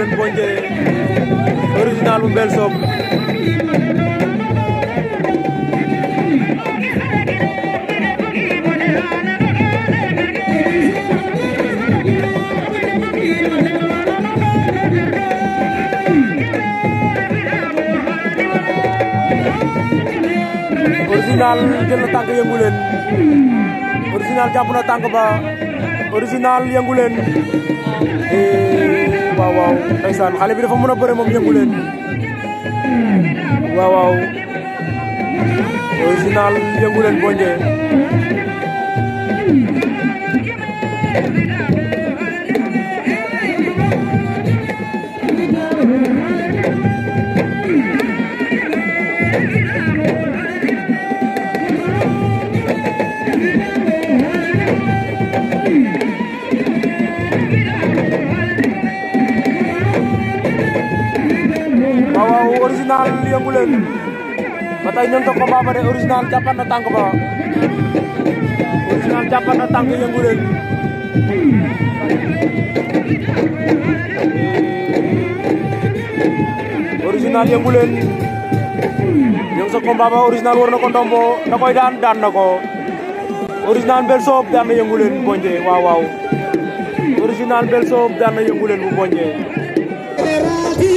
Diène Bondié original bu Mbel Sob original jël na tànk yëngu original jàpp na tànk ba original yëngu leen waaw ndeysaan xale bi dafa mën a bëre moom yëngu leen waaw waaw original yëngu original yang bulan, Mata ini untuk ko dari original jàppan datang kau ba original jàppan datang ke yang bulan, original yang bulan, yang sok kau original warna na ko ndombo dan dan original bel soob yang na yëngu leen wow, bonje original bel soob yang na yëngu leen